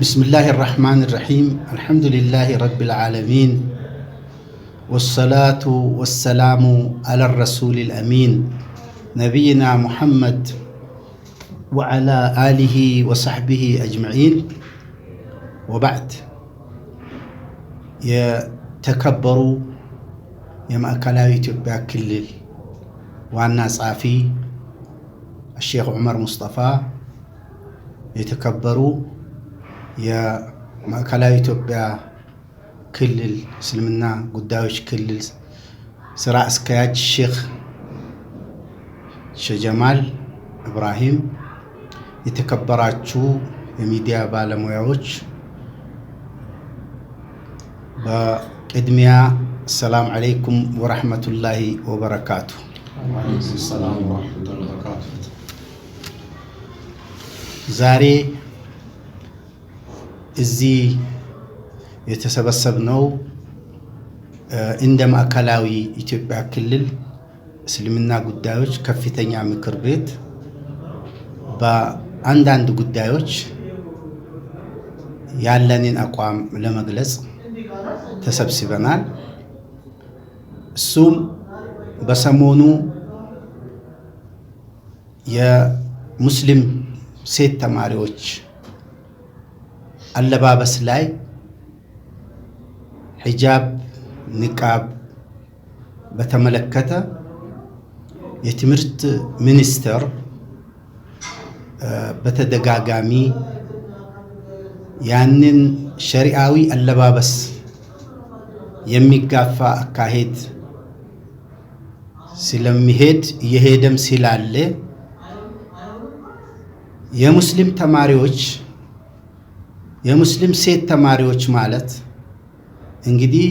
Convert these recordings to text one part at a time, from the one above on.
بسم الله الرحمن الرحيم الحمد لله رب العالمين والصلاة والسلام على الرسول الأمين نبينا محمد وعلى آله وصحبه أجمعين وبعد يتكبروا يا مأكلاوي تبع كل وعنا صافي الشيخ عمر مصطفى يتكبروا የማዕከላዊ ኢትዮጵያ ክልል እስልምና ጉዳዮች ክልል ስራ አስኪያጅ ሼክ ሸጀማል ኢብራሂም፣ የተከበራችሁ የሚዲያ ባለሙያዎች በቅድሚያ አሰላም ዓለይኩም ወረሕመቱላሂ ወበረካቱ። ዛሬ እዚህ የተሰበሰብነው እንደ ማዕከላዊ ኢትዮጵያ ክልል እስልምና ጉዳዮች ከፍተኛ ምክር ቤት በአንዳንድ ጉዳዮች ያለንን አቋም ለመግለጽ ተሰብስበናል። እሱም በሰሞኑ የሙስሊም ሴት ተማሪዎች አለባበስ ላይ ሂጃብ፣ ንቃብ በተመለከተ የትምህርት ሚኒስቴር በተደጋጋሚ ያንን ሸሪአዊ አለባበስ የሚጋፋ አካሄድ ስለሚሄድ እየሄደም ስላለ የሙስሊም ተማሪዎች የሙስሊም ሴት ተማሪዎች ማለት እንግዲህ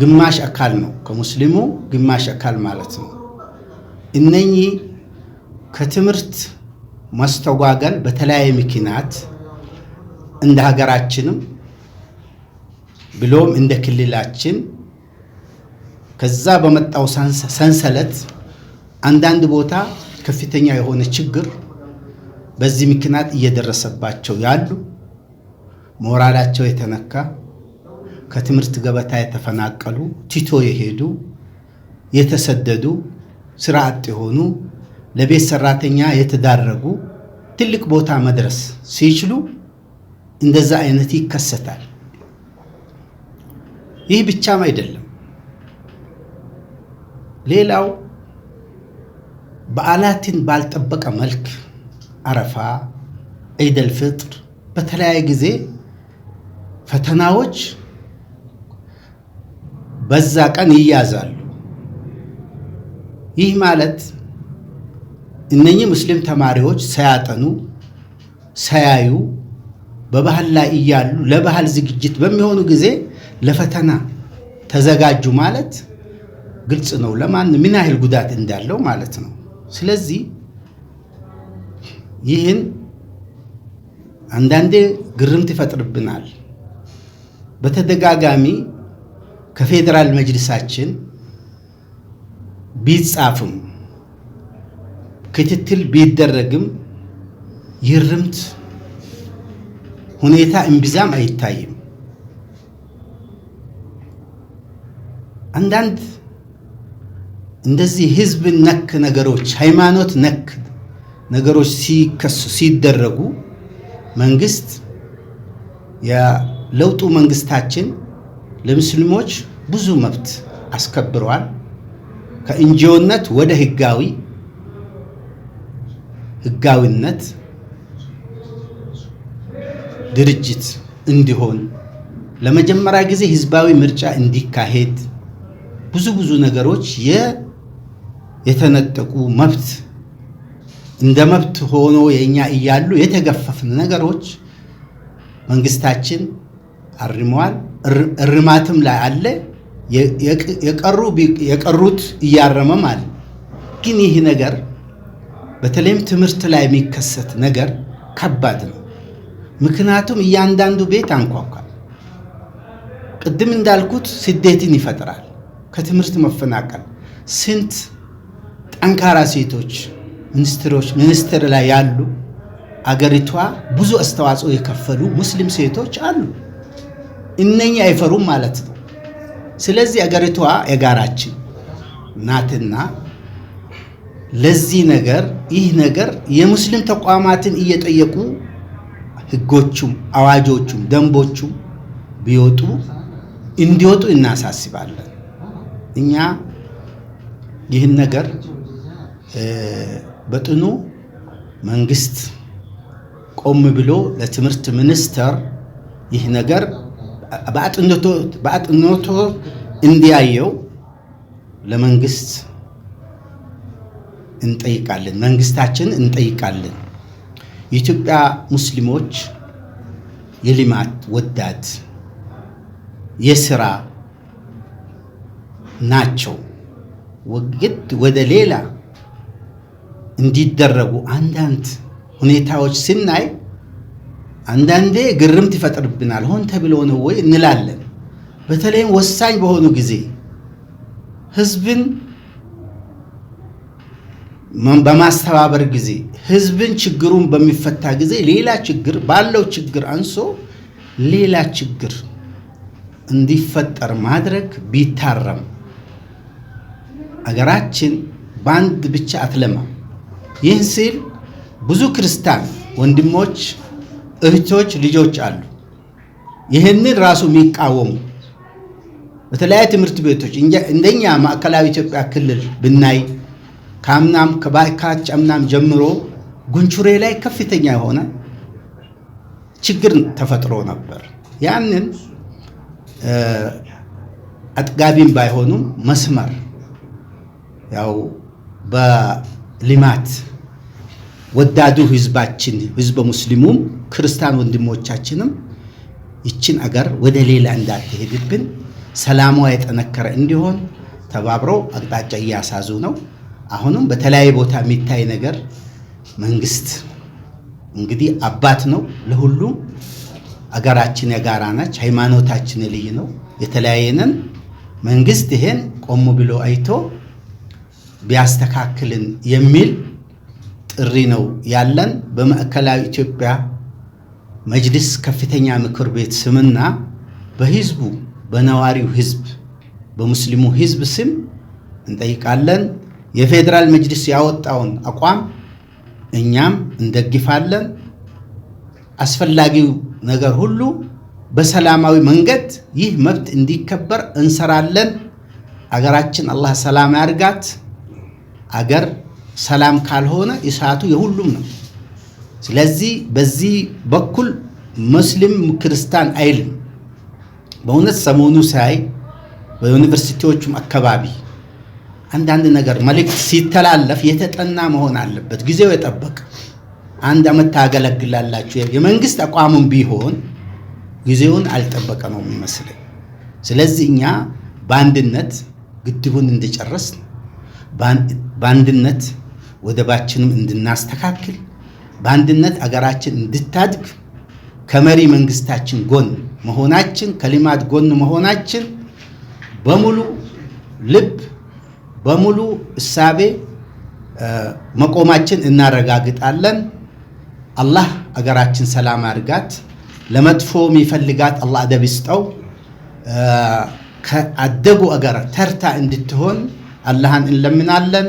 ግማሽ አካል ነው፣ ከሙስሊሙ ግማሽ አካል ማለት ነው። እነኚህ ከትምህርት ማስተጓገል በተለያየ ምክንያት እንደ ሀገራችንም ብሎም እንደ ክልላችን ከዛ በመጣው ሰንሰለት አንዳንድ ቦታ ከፍተኛ የሆነ ችግር በዚህ ምክንያት እየደረሰባቸው ያሉ ሞራላቸው የተነካ ከትምህርት ገበታ የተፈናቀሉ ቲቶ የሄዱ የተሰደዱ ስራ አጥ የሆኑ ለቤት ሰራተኛ የተዳረጉ ትልቅ ቦታ መድረስ ሲችሉ እንደዛ አይነት ይከሰታል። ይህ ብቻም አይደለም። ሌላው በዓላትን ባልጠበቀ መልክ አረፋ፣ ዒደል ፍጥር በተለያየ ጊዜ ፈተናዎች በዛ ቀን ይያዛሉ። ይህ ማለት እነኚህ ሙስሊም ተማሪዎች ሳያጠኑ ሳያዩ በባህል ላይ እያሉ ለባህል ዝግጅት በሚሆኑ ጊዜ ለፈተና ተዘጋጁ ማለት ግልጽ ነው፣ ለማን ምን ያህል ጉዳት እንዳለው ማለት ነው። ስለዚህ ይህን አንዳንዴ ግርምት ይፈጥርብናል። በተደጋጋሚ ከፌዴራል መጅልሳችን ቢጻፍም ክትትል ቢደረግም ይርምት ሁኔታ እምብዛም አይታይም። አንዳንድ እንደዚህ ህዝብ ነክ ነገሮች፣ ሃይማኖት ነክ ነገሮች ሲደረጉ መንግስት ለውጡ መንግስታችን ለሙስሊሞች ብዙ መብት አስከብሯል። ከእንጂዮነት ወደ ህጋዊ ህጋዊነት ድርጅት እንዲሆን ለመጀመሪያ ጊዜ ህዝባዊ ምርጫ እንዲካሄድ ብዙ ብዙ ነገሮች የተነጠቁ መብት እንደ መብት ሆኖ የእኛ እያሉ የተገፈፍን ነገሮች መንግስታችን አርመዋል። እርማትም ላይ አለ። የቀሩት እያረመም አለ። ግን ይህ ነገር በተለይም ትምህርት ላይ የሚከሰት ነገር ከባድ ነው። ምክንያቱም እያንዳንዱ ቤት አንኳኳል። ቅድም እንዳልኩት ስደትን ይፈጥራል። ከትምህርት መፈናቀል ስንት ጠንካራ ሴቶች ሚኒስትሮች ሚኒስትር ላይ ያሉ አገሪቷ ብዙ አስተዋጽኦ የከፈሉ ሙስሊም ሴቶች አሉ። እነኛ አይፈሩም ማለት ነው። ስለዚህ አገሪቷ የጋራችን ናትና ለዚህ ነገር ይህ ነገር የሙስሊም ተቋማትን እየጠየቁ ህጎቹም፣ አዋጆቹም፣ ደንቦቹም ቢወጡ እንዲወጡ እናሳስባለን። እኛ ይህን ነገር በጥኑ መንግስት ቆም ብሎ ለትምህርት ሚኒስቴር ይህ ነገር በአጥንቶ እንዲያየው ለመንግስት እንጠይቃለን፣ መንግስታችን እንጠይቃለን። የኢትዮጵያ ሙስሊሞች የልማት ወዳድ የስራ ናቸው። ግድ ወደ ሌላ እንዲደረጉ አንዳንድ ሁኔታዎች ስናይ አንዳንዴ ግርምት ይፈጥርብናል። ሆን ተብሎ ነው ወይ እንላለን። በተለይም ወሳኝ በሆኑ ጊዜ ህዝብን በማስተባበር ጊዜ ህዝብን ችግሩን በሚፈታ ጊዜ ሌላ ችግር ባለው ችግር አንሶ ሌላ ችግር እንዲፈጠር ማድረግ ቢታረም አገራችን በአንድ ብቻ አትለማም። ይህን ሲል ብዙ ክርስቲያን ወንድሞች እህቶች፣ ልጆች አሉ። ይህንን ራሱ የሚቃወሙ በተለያየ ትምህርት ቤቶች እንደኛ ማዕከላዊ ኢትዮጵያ ክልል ብናይ ከአምናም ከባይካች አምናም ጀምሮ ጉንቹሬ ላይ ከፍተኛ የሆነ ችግር ተፈጥሮ ነበር። ያንን አጥጋቢም ባይሆኑም መስመር ያው በልማት ወዳዱ ህዝባችን ህዝበ ሙስሊሙም ክርስቲያን ወንድሞቻችንም ይችን አገር ወደ ሌላ እንዳትሄድብን ሰላሟ የጠነከረ እንዲሆን ተባብሮ አቅጣጫ እያሳዙ ነው። አሁንም በተለያየ ቦታ የሚታይ ነገር መንግስት እንግዲህ አባት ነው ለሁሉም። አገራችን የጋራ ናች፣ ሃይማኖታችን የልይ ነው፣ የተለያየንን መንግስት ይሄን ቆም ብሎ አይቶ ቢያስተካክልን የሚል ጥሪ ነው ያለን። በማዕከላዊ ኢትዮጵያ መጅልስ ከፍተኛ ምክር ቤት ስምና በህዝቡ በነዋሪው ህዝብ በሙስሊሙ ህዝብ ስም እንጠይቃለን። የፌዴራል መጅልስ ያወጣውን አቋም እኛም እንደግፋለን። አስፈላጊው ነገር ሁሉ በሰላማዊ መንገድ ይህ መብት እንዲከበር እንሰራለን። አገራችን አላህ ሰላም ያድርጋት። አገር ሰላም ካልሆነ እሳቱ የሁሉም ነው። ስለዚህ በዚህ በኩል ሙስሊም ክርስቲያን አይልም። በእውነት ሰሞኑ ሳይ በዩኒቨርሲቲዎቹም አካባቢ አንዳንድ ነገር መልእክት ሲተላለፍ የተጠና መሆን አለበት። ጊዜው የጠበቀ አንድ አመት ታገለግላላችሁ። የመንግስት አቋምም ቢሆን ጊዜውን አልጠበቀ ነው የሚመስለኝ። ስለዚህ እኛ በአንድነት ግድቡን እንደጨረስ በአንድነት ወደባችንም እንድናስተካክል በአንድነት አገራችን እንድታድግ ከመሪ መንግስታችን ጎን መሆናችን ከልማት ጎን መሆናችን በሙሉ ልብ በሙሉ እሳቤ መቆማችን እናረጋግጣለን። አላህ አገራችን ሰላም አድርጋት። ለመጥፎ የሚፈልጋት አላህ አደብ ይስጠው። ከአደጉ አገር ተርታ እንድትሆን አላህን እንለምናለን።